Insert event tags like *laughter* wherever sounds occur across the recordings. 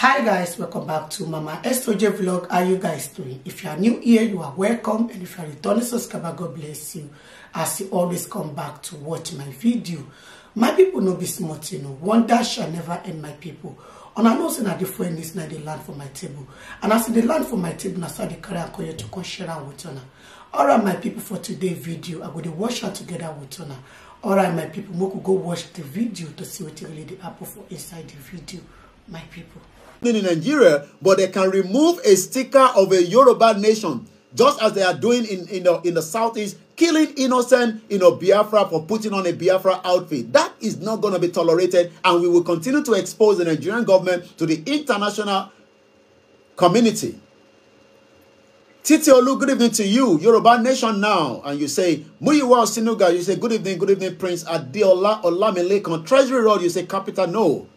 hi guys welcome back to mama soj vlog how you guys doing if you are new here you are welcome and if you are returning subscriber god bless you as you always come back to watch my video my people no be smart, you know wonder shall never end my people and i know say na the friend friends na dey land for my table and as dey land for my table na so i dey carry am come to come share am with una alright my people for today's video i go dey wash out together with una alright my people make we go watch the video to see wetin really dey happen for inside the video my people in Nigeria, but they can remove a sticker of a Yoruba nation, just as they are doing in, in, the, in the Southeast, killing innocent you know, Biafra for putting on a Biafra outfit. That is not going to be tolerated, and we will continue to expose the Nigerian government to the international community. Titi Olu, good evening to you. Yoruba Nation now. And you say, Muyiwa Sinuga, you say, good evening, good evening, Prince Adiola Olamilekan. Treasury Road, you say, capital no.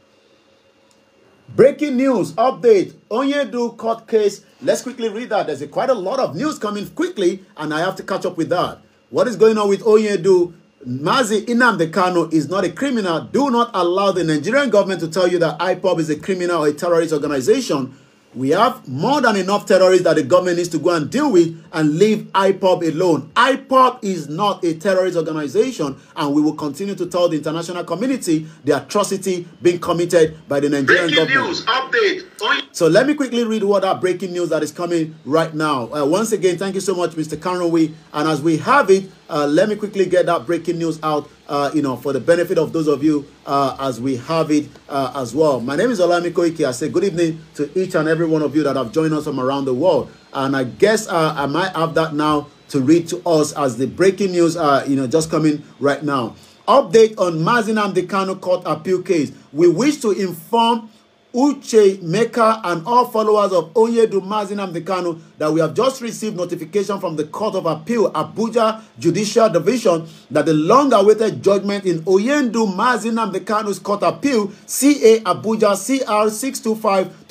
Breaking news update Onyedu court case. Let's quickly read that. There's a, quite a lot of news coming quickly, and I have to catch up with that. What is going on with Onyedu? Mazi Inamdekano is not a criminal. Do not allow the Nigerian government to tell you that IPOB is a criminal or a terrorist organization. We have more than enough terrorists that the government needs to go and deal with and leave IPOB alone. IPOB is not a terrorist organization, and we will continue to tell the international community the atrocity being committed by the Nigerian breaking government. News, update. Oh, so let me quickly read what our breaking news that is coming right now. Uh, once again, thank you so much, Mr. Kanrowi. And as we have it, Uh, let me quickly get that breaking news out, uh, you know, for the benefit of those of you uh, as we have it uh, as well. My name is Olami Koike. I say good evening to each and every one of you that have joined us from around the world. And I guess uh, I might have that now to read to us as the breaking news, you know, just coming right now. Update on Mazinam Decano court appeal case. We wish to inform Uche Meka and all followers of Oyedu Mazin Amdekano that we have just received notification from the Court of Appeal, Abuja Judicial Division, that the long-awaited judgment in Oyedu Mazin Amdekano's Court Appeal, CA Abuja CR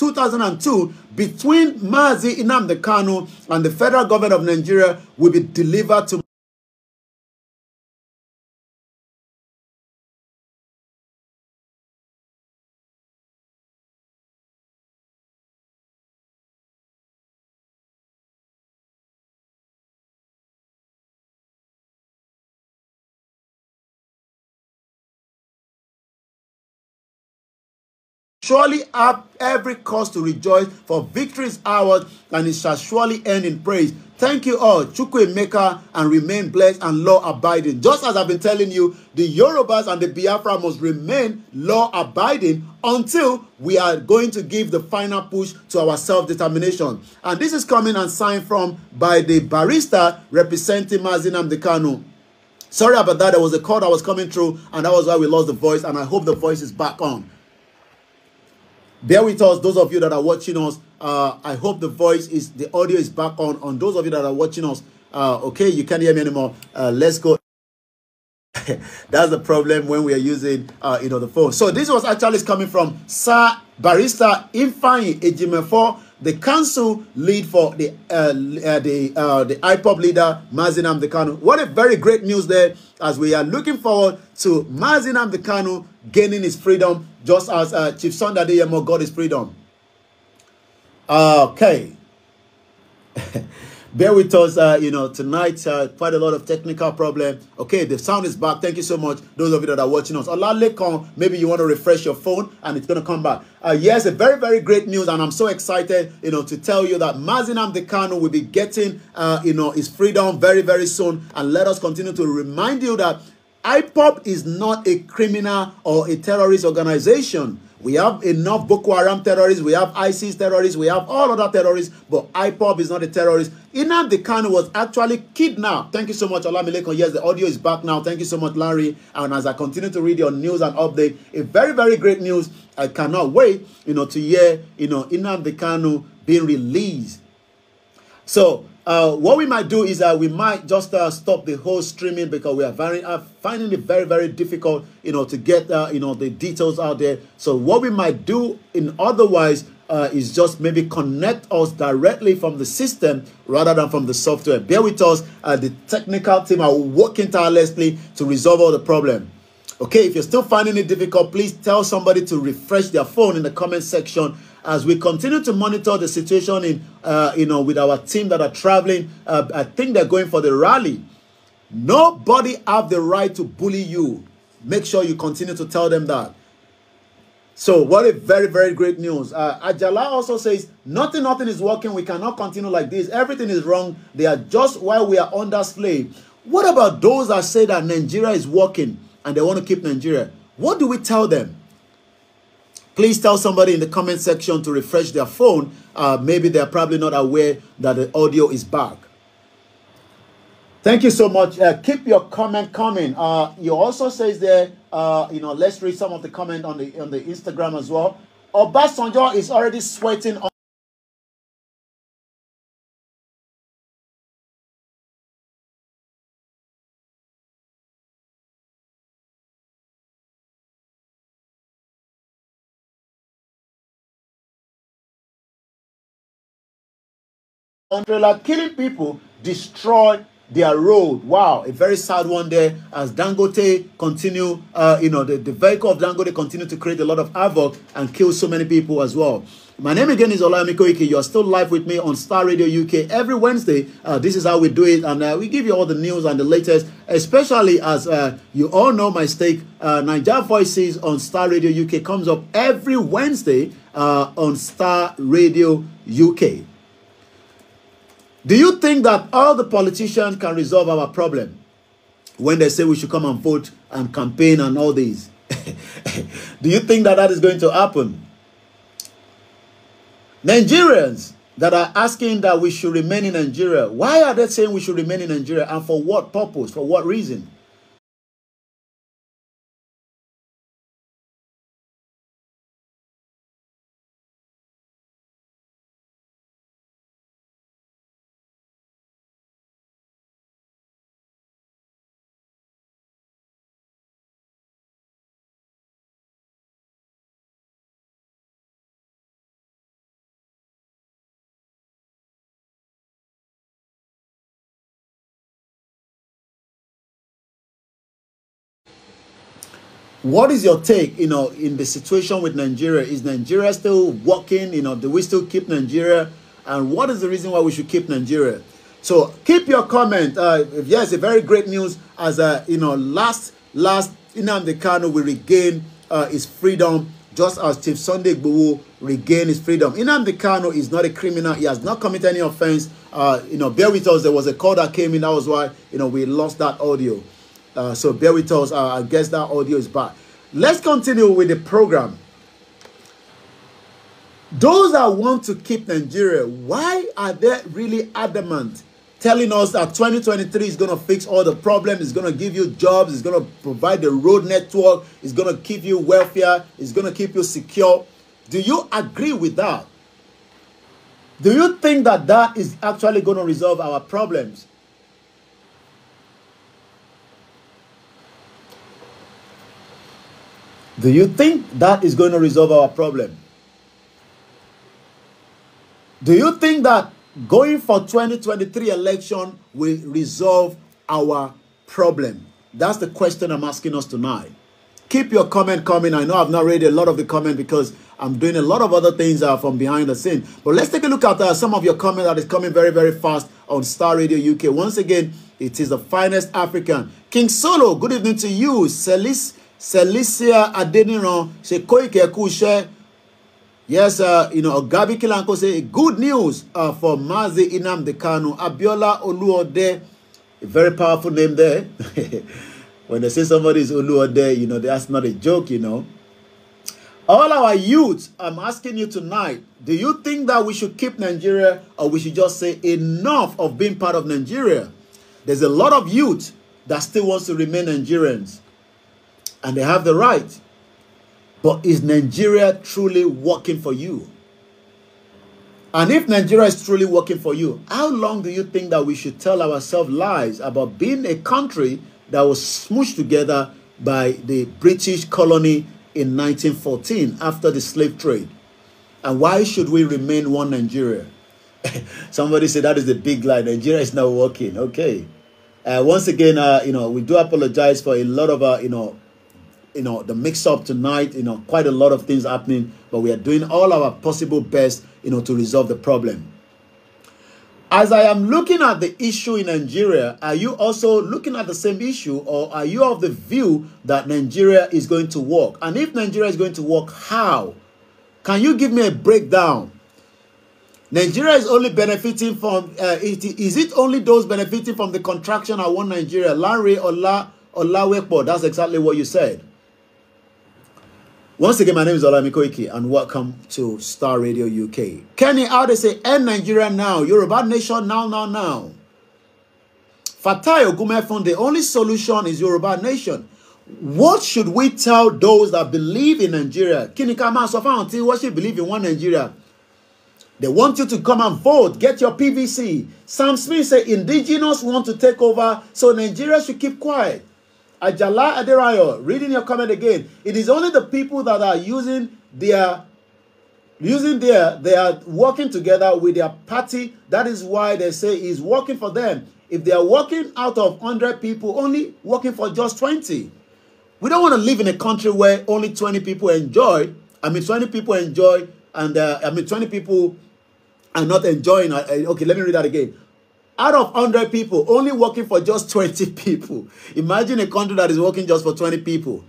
625-2002, between Mazi Inamdekano and the federal government of Nigeria will be delivered to surely have every cause to rejoice, for victory is ours, and it shall surely end in praise. Thank you all, Maker and remain blessed and law abiding. Just as I've been telling you, the Yorubas and the Biafra must remain law abiding until we are going to give the final push to our self determination. And this is coming and signed from by the barrister representing Mazinam Dekanu. Sorry about that. There was a call that was coming through, and that was why we lost the voice. And I hope the voice is back on. Bear with us, those of you that are watching us. Uh, I hope the voice is, the audio is back on. On those of you that are watching us, uh, okay, you can't hear me anymore. Uh, let's go. *laughs* That's the problem when we are using, uh, you know, the phone. So this was actually coming from Sir Barrister Ifeanyi Ejimefo, the council lead for the uh, uh the uh, the IPOP leader Mazinam Dekano. What a very great news there as we are looking forward to Mazinam Dekano gaining his freedom just as uh, Chief Sunday Adeyemo got his freedom. Okay. *laughs* Bear with us, uh, you know, tonight, uh, quite a lot of technical problem. Okay, the sound is back. Thank you so much, those of you that are watching us. Olalekon, maybe you want to refresh your phone and it's going to come back. Uh, yes, a very, very great news, and I'm so excited, you know, to tell you that Mazinam Dekano will be getting, uh, you know, his freedom very, very soon. And let us continue to remind you that IPop is not a criminal or a terrorist organization. We have enough Boko Haram terrorists, we have ISIS terrorists, we have all other terrorists, but IPop is not a terrorist. Inam Khan was actually kidnapped. Thank you so much, Olamilekon. Yes, the audio is back now. Thank you so much, Larry. And as I continue to read your news and update, a very, very great news. I cannot wait, you know, to hear, you know, Inam Khan being released. So Uh, what we might do is that we might just uh, stop the whole streaming because we are very, uh, finding it very, very difficult, you know, to get, uh, you know, the details out there. So what we might do in otherwise uh, is just maybe connect us directly from the system rather than from the software. Bear with us. Uh, the technical team are working tirelessly to resolve all the problem. Okay, if you're still finding it difficult, please tell somebody to refresh their phone in the comment section as we continue to monitor the situation in, uh, you know, with our team that are traveling. Uh, I think they're going for the rally. Nobody have the right to bully you. Make sure you continue to tell them that. So what a very, very great news. Uh, Ajala also says, nothing, nothing is working. We cannot continue like this. Everything is wrong. They are just why we are under slave. What about those that say that Nigeria is working and they want to keep Nigeria? What do we tell them? Please tell somebody in the comment section to refresh their phone. Uh, maybe they're probably not aware that the audio is back. Thank you so much. Uh, keep your comment coming. Uh, you also says there, uh, you know, let's read some of the comment on the on the Instagram as well. Obasanjo is already sweating on umbrella killing people destroy their road. Wow, a very sad one there as Dangote continue, uh, you know, the, the vehicle of Dangote continue to create a lot of havoc and kill so many people as well. My name again is Olamiko Ike. You are still live with me on Star Radio UK every Wednesday. Uh, this is how we do it, and uh, we give you all the news and the latest, especially as uh, you all know my stake. Uh, Niger Voices on Star Radio UK comes up every Wednesday uh, on Star Radio UK. Do you think that all the politicians can resolve our problem when they say we should come and vote and campaign and all these? *laughs* Do you think that that is going to happen? Nigerians that are asking that we should remain in Nigeria, why are they saying we should remain in Nigeria and for what purpose, for what reason? What is your take, you know, in the situation with Nigeria? Is Nigeria still working? You know, do we still keep Nigeria? And what is the reason why we should keep Nigeria? So keep your comment. Uh, yes, a very great news as uh, you know, last last the Kano will regain uh, his freedom just as Chief Sunday Gbowo regained his freedom. the Kano is not a criminal. He has not committed any offense. Uh, you know, bear with us. There was a call that came in. That was why you know we lost that audio. Uh, so bear with us. Uh, I guess that audio is back. Let's continue with the program. Those that want to keep Nigeria, why are they really adamant telling us that 2023 is going to fix all the problems, it's going to give you jobs, it's going to provide the road network, it's going to keep you welfare, it's going to keep you secure? Do you agree with that? Do you think that that is actually going to resolve our problems? Do you think that is going to resolve our problem? Do you think that going for 2023 election will resolve our problem? That's the question I'm asking us tonight. Keep your comment coming. I know I've not read a lot of the comment because I'm doing a lot of other things uh, from behind the scene. But let's take a look at uh, some of your comment that is coming very, very fast on Star Radio UK. Once again, it is the finest African. King Solo, good evening to you. Celis Celicia Adeniran ṣe Koiki ẹ̀kú iṣẹ́. Yes, uh, you know, Ogabi Kilanko say good news uh, for Mazi Inamdi Kanu, Abiola Oluode, a very powerful name there. *laughs* when they say somebody is Oluode, you know, that's not a joke, you know. All our youths, I'm asking you tonight, do you think that we should keep Nigeria or we should just say enough of being part of Nigeria? There's a lot of youth that still wants to remain Nigerians. and they have the right. But is Nigeria truly working for you? And if Nigeria is truly working for you, how long do you think that we should tell ourselves lies about being a country that was smooshed together by the British colony in 1914 after the slave trade? And why should we remain one Nigeria? *laughs* Somebody said that is the big lie. Nigeria is not working. Okay. Uh, once again, uh, you know, we do apologize for a lot of, uh, you know, you know the mix up tonight you know quite a lot of things happening but we are doing all our possible best you know to resolve the problem as i am looking at the issue in nigeria are you also looking at the same issue or are you of the view that nigeria is going to work and if nigeria is going to work how can you give me a breakdown Nigeria is only benefiting from, uh, it, is it only those benefiting from the contraction I want Nigeria? Larry Ola, Olawekbo, that's exactly what you said. Once again, my name is Olamiko Iki, and welcome to Star Radio UK. Kenny, how they say, end Nigeria now. bad nation now, now, now. Fatai Ogumefon, the only solution is bad nation. What should we tell those that believe in Nigeria? Kenny, come on, so far until what should believe in one Nigeria? They want you to come and vote. Get your PVC. Sam Smith say indigenous want to take over, so Nigeria should keep quiet. Ajala Adirayo, reading your comment again. It is only the people that are using their using their they are working together with their party. That is why they say he's working for them. If they are working out of 100 people, only working for just 20. We don't want to live in a country where only 20 people enjoy. I mean, 20 people enjoy, and uh, I mean, 20 people are not enjoying. Uh, uh okay, let me read that again out of 100 people, only working for just 20 *laughs* people. Imagine a country that is working just for 20 people.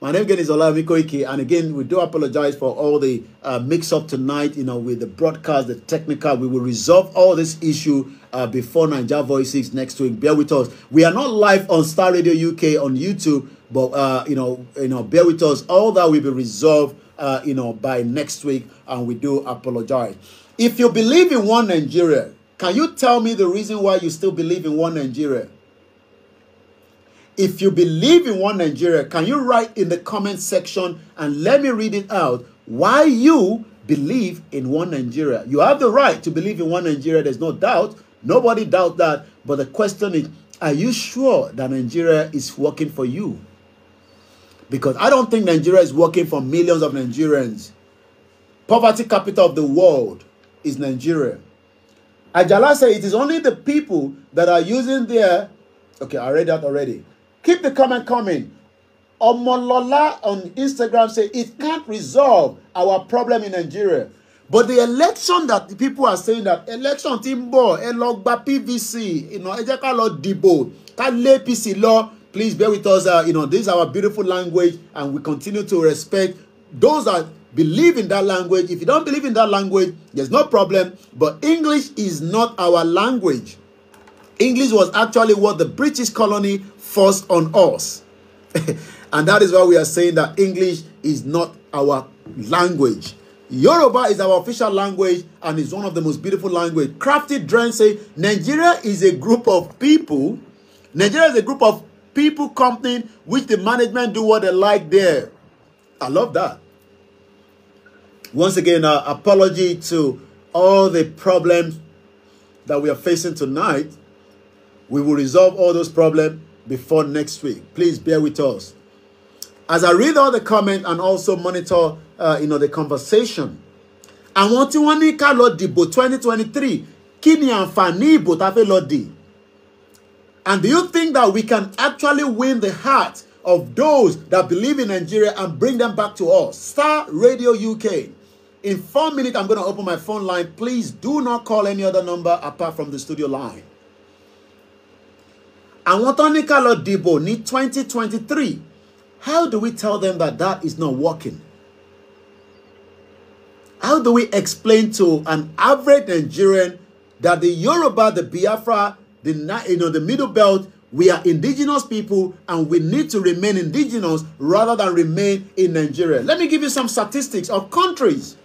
My name again is Olamide Ike, and again, we do apologize for all the uh, mix-up tonight, you know, with the broadcast, the technical. We will resolve all this issue uh, before Niger Voices next week. Bear with us. We are not live on Star Radio UK on YouTube, but, uh, you know, you know, bear with us. All that will be resolved, uh, you know, by next week, and we do apologize. If you believe in one Nigeria, can you tell me the reason why you still believe in one Nigeria? If you believe in one Nigeria, can you write in the comment section and let me read it out why you believe in one Nigeria? You have the right to believe in one Nigeria, there's no doubt. Nobody doubt that. But the question is, are you sure that Nigeria is working for you? Because I don't think Nigeria is working for millions of Nigerians. Poverty capital of the world is Nigeria. Ajala said it is only the people that are using their. Okay, I read that already. Keep the comment coming. Omolola on Instagram say it can't resolve our problem in Nigeria. But the election that the people are saying that election ti ń bọ̀ PVC you know, ẹ jẹ́ ká lọ PC law. please bear with us uh, you know, this is our beautiful language and we continue to respect those that Believe in that language. If you don't believe in that language, there's no problem. But English is not our language. English was actually what the British colony forced on us. *laughs* and that is why we are saying that English is not our language. Yoruba is our official language and is one of the most beautiful language. Crafty Dren say Nigeria is a group of people. Nigeria is a group of people company which the management do what they like there. I love that. Once again, our uh, apology to all the problems that we are facing tonight. We will resolve all those problems before next week. Please bear with us. As I read all the comments and also monitor, uh, you know, the conversation, I want to ni ka lo Debo ìbò tá And do you think that we can actually win the heart of those that believe in Nigeria and bring them back to us? Star Radio UK. In four minutes, I'm going to open my phone line. Please do not call any other number apart from the studio line. And tó ní ká Debo need 2023, how do we tell them that that is not working? How do we explain to an average Nigerian that the Yoruba, the Biafra, the, you know, the Middle Belt, we are indigenous people and we need to remain indigenous rather than remain in Nigeria. Let me give you some statistics of countries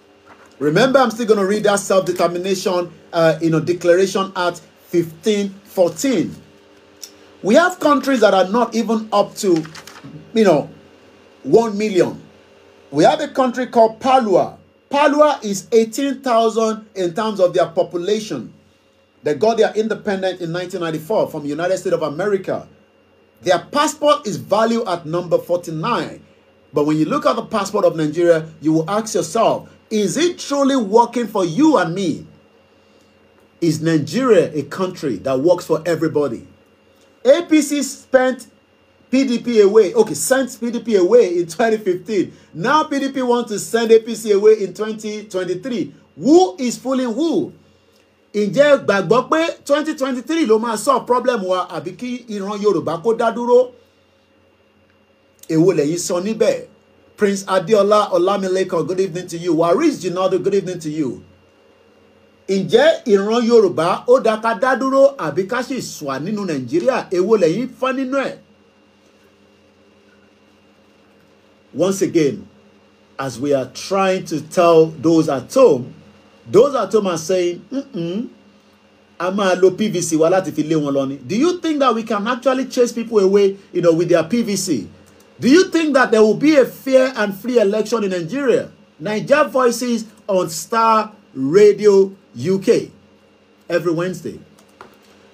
Remember, I'm still going to read that self-determination, uh, you know, Declaration at 1514. We have countries that are not even up to, you know, 1 million. We have a country called Palua. Palua is 18,000 in terms of their population. They got their independence in 1994 from United States of America. Their passport is valued at number 49. But when you look at the passport of Nigeria, you will ask yourself, Is it truly working for you and me? Is Nigeria a country that works for everybody? APC spent PDP away. Okay, sent PDP away in 2015. Now PDP wants to send APC away in 2023. Who is fooling who? Ǹjẹ́ gbàgbọ́ pé 2023 ló máa solve problem wa àbí kí ìran Yorùbá kó dá dúró? Èwo lẹ̀yin sọ níbẹ̀? Prince Adeola Olamileko, good evening to you. Waris Jinadu, good evening to you. Ǹjẹ́ ìran Yorùbá ó dá ká dá dúró àbí ká sì sùà nínú Nàìjíríà èwo lẹ́yìn fán nínú ẹ̀? Once again, as we are trying to tell those at home, those at home are saying, Mm-mm, a máa lo PVC wa láti fi lé wọn lọ ni. Do you think that we can actually chase people away you know, with their PVC? Do you think that there will be a fair and free election in Nigeria? Niger Voices on Star Radio UK every Wednesday.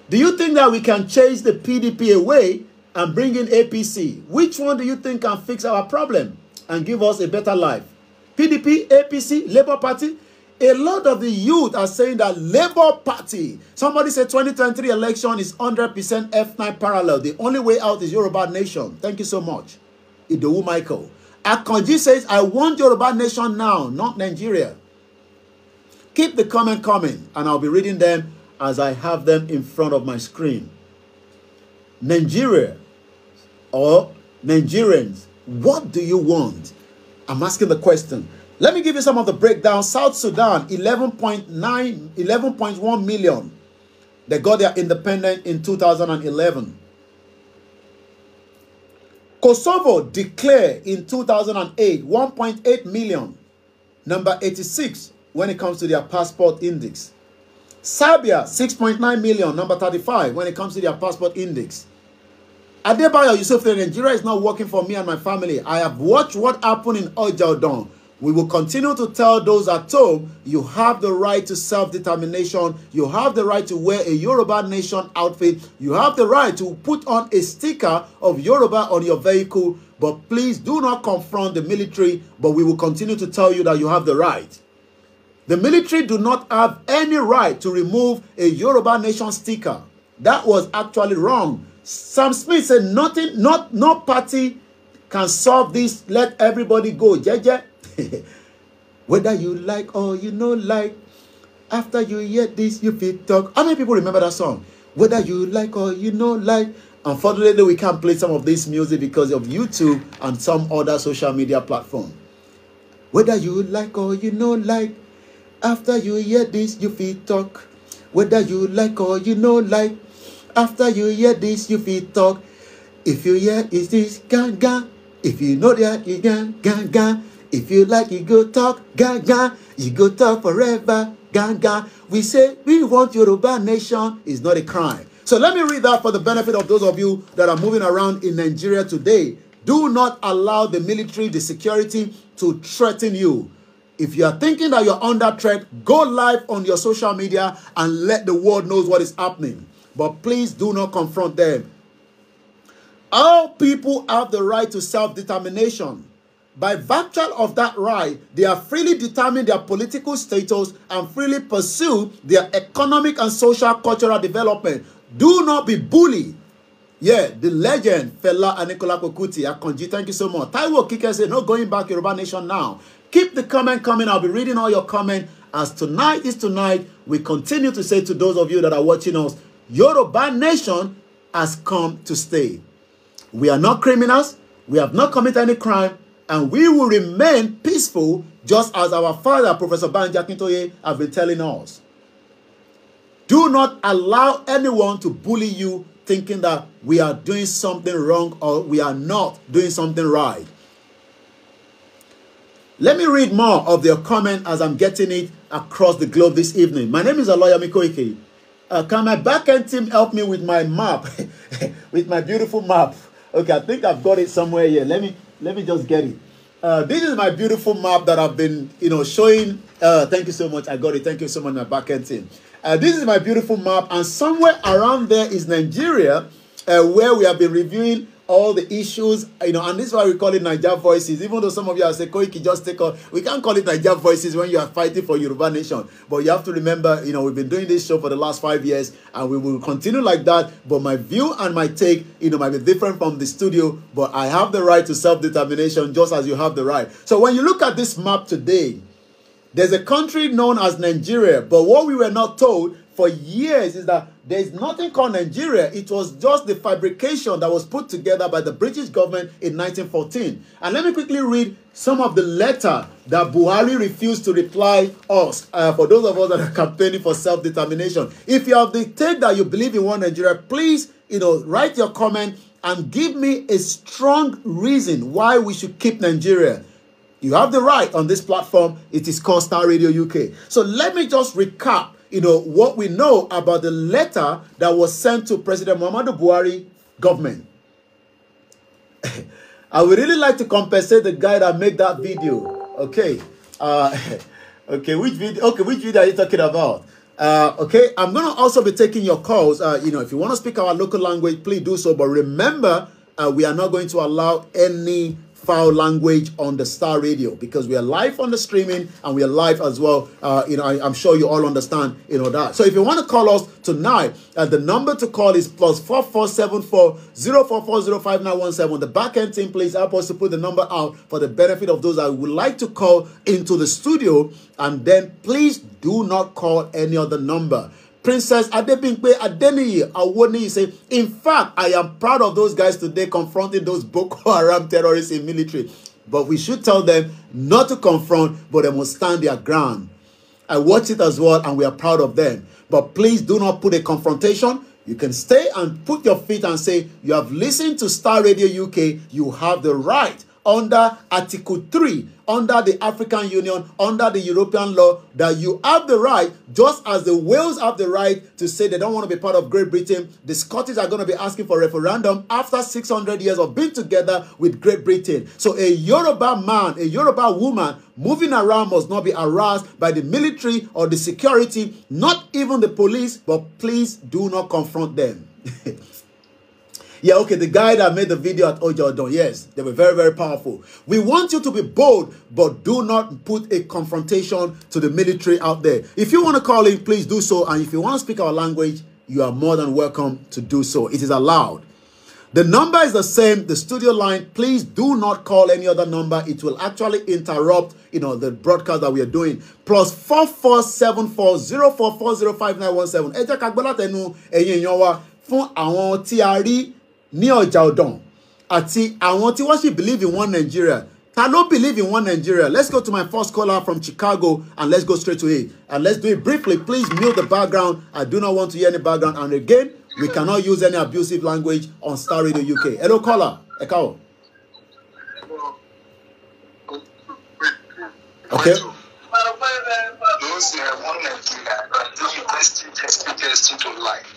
Do you think that we can chase the PDP away and bring in APC? Which one do you think can fix our problem and give us a better life? PDP, APC, Labour Party? A lot of the youth are saying that Labour Party, somebody said 2023 election is 100% F9 parallel. The only way out is Yoruba Nation. Thank you so much. Idowu Michael. Akonji says, I want Yoruba nation now, not Nigeria. Keep the comment coming, and I'll be reading them as I have them in front of my screen. Nigeria or Nigerians, what do you want? I'm asking the question. Let me give you some of the breakdown. South Sudan, 11.9, 11.1 million. They got their independence in 2011. Kosovo declared in 2008 1.8 million, number 86 when it comes to their passport index. Serbia, 6.9 million, number 35 when it comes to their passport index. Adebayo Yusuf, Nigeria is not working for me and my family. I have watched what happened in Ojaudon. We will continue to tell those at home, you have the right to self-determination, you have the right to wear a Yoruba nation outfit, you have the right to put on a sticker of Yoruba on your vehicle, but please do not confront the military, but we will continue to tell you that you have the right. The military do not have any right to remove a Yoruba nation sticker. That was actually wrong. Sam Smith said nothing, not, no party can solve this. Let everybody go. Jeje, *laughs* Whether you like or you know like, after you hear this, you feel talk. How many people remember that song? Whether you like or you know like. Unfortunately, we can't play some of this music because of YouTube and some other social media platform. Whether you like or you know like, after you hear this, you feel talk. Whether you like or you know like, after you hear this, you feel talk. If you hear is this gang gang, if you know that you gang gang gang, if you like, you go talk, gaga. You go talk forever, gaga. We say we want Yoruba nation is not a crime. So let me read that for the benefit of those of you that are moving around in Nigeria today. Do not allow the military, the security to threaten you. If you are thinking that you're under threat, go live on your social media and let the world knows what is happening. But please do not confront them. All people have the right to self-determination. By virtue of that right, they are freely determine their political status and freely pursue their economic and social cultural development. Do not be bullied. Yeah, the legend, Fela Anikola Kokuti, Akonji, thank you so much. Taiwo Kike said, no going back Yoruba Nation now. Keep the comment coming. I'll be reading all your comment. As tonight is tonight, we continue to say to those of you that are watching us, Yoruba Nation has come to stay. We are not criminals. We have not committed any crime and we will remain peaceful just as our father, Professor Banja Kintoye, have been telling us. Do not allow anyone to bully you thinking that we are doing something wrong or we are not doing something right. Let me read more of their comment as I'm getting it across the globe this evening. My name is Aloya Mikoike. Uh, can my backend team help me with my map, *laughs* with my beautiful map? Okay, I think I've got it somewhere here. Let me let me just get it. Uh, this is my beautiful map that I've been, you know, showing. Uh, thank you so much. I got it. Thank you so much, my backend team. Uh, this is my beautiful map, and somewhere around there is Nigeria, uh, where we have been reviewing all the issues, you know, and this is why we call it Niger Voices. Even though some of you are saying, Koiki, just take off." we can't call it Niger Voices when you are fighting for Yoruba Nation. But you have to remember, you know, we've been doing this show for the last five years and we will continue like that. But my view and my take, you know, might be different from the studio, but I have the right to self determination just as you have the right. So when you look at this map today, there's a country known as Nigeria, but what we were not told for years is that there is nothing called Nigeria. It was just the fabrication that was put together by the British government in 1914. And let me quickly read some of the letter that Buhari refused to reply us, uh, for those of us that are *laughs* campaigning for self-determination. If you have the take that you believe in one Nigeria, please, you know, write your comment and give me a strong reason why we should keep Nigeria. You have the right on this platform. It is called Star Radio UK. So let me just recap you know, what we know about the letter that was sent to President Muhammadu Buhari government. *laughs* I would really like to compensate the guy that made that video. Okay. Uh, *laughs* okay, which video? Okay, which video are you talking about? Uh, okay, I'm going to also be taking your calls. Uh, you know, if you want to speak our local language, please do so. But remember, uh, we are not going to allow any foul language on the Star Radio because we are live on the streaming and we are live as well. Uh, you know, I, am sure you all understand, you know, that. So if you want to call us tonight, uh, the number to call is plus plus four four seven four zero four four zero five nine one seven The back end team, please help us to put the number out for the benefit of those that would like to call into the studio. And then please do not call any other number. Princess Adebimpe Adeniyi Awoni is saying, in fact, I am proud of those guys today confronting those Boko Haram terrorists in military. But we should tell them not to confront, but they must stand their ground. I watch it as well, and we are proud of them. But please do not put a confrontation. You can stay and put your feet and say, you have listened to Star Radio UK. You have the right under Article 3 under the African Union, under the European law, that you have the right, just as the Wales have the right to say they don't want to be part of Great Britain. The Scottish are going to be asking for referendum after 600 years of being together with Great Britain. So a Yoruba man, a Yoruba woman moving around must not be harassed by the military or the security, not even the police, but please do not confront them. *laughs* Yeah, okay, the guy that made the video at Ojordan, yes, they were very, very powerful. We want you to be bold, but do not put a confrontation to the military out there. If you want to call in, please do so. And if you want to speak our language, you are more than welcome to do so. It is allowed. The number is the same, the studio line. Please do not call any other number. It will actually interrupt, you know, the broadcast that we are doing. Plus 4474 Ẹ fún àwọn tí a rí ní ọjà ọ̀dàn àti àwọn tí wọ́n sì believe in one Nigeria ta ló believe in one Nigeria let's go to my first caller from Chicago and let's go straight to it and let's do it briefly please mute the background I do not want to hear any background and again we cannot use any abusive language on Star Radio UK hello caller ẹ káwọ́. okay. Those uh, one Nigeria, you best, best, to life.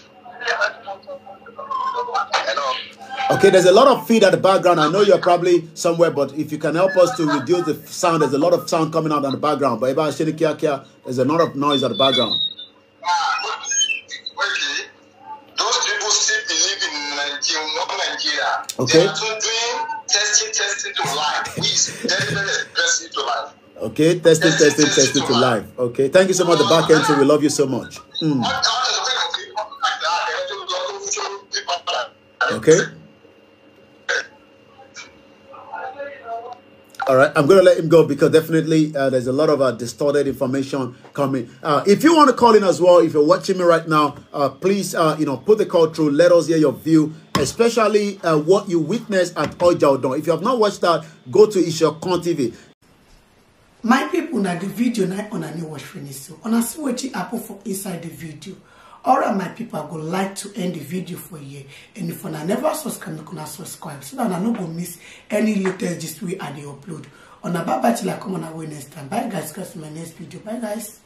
Okay, there's a lot of feed at the background. I know you're probably somewhere, but if you can help us to reduce the sound, there's a lot of sound coming out on the background. But Eba Kia, there's a lot of noise at the background. Okay. Okay, testing, testing, testing to life. Okay, thank you so much, the back end. So we love you so much. Mm. Okay? All right, I'm going to let him go because definitely uh, there's a lot of uh, distorted information coming. Uh, if you want to call in as well, if you're watching me right now, uh, please, uh, you know, put the call through. Let us hear your view, especially uh, what you witnessed at Ojaudon. If you have not watched that, go to Ishokon TV. My people, now the video na on a new watch finish. On a see what happen for inside the video. all of my people I would like to end the video for you. and if una never subscribe you can subscribe so that una don't go miss any latest gist wey i dey upload una bye bye till i come on our next time bye guys guys my next video bye guys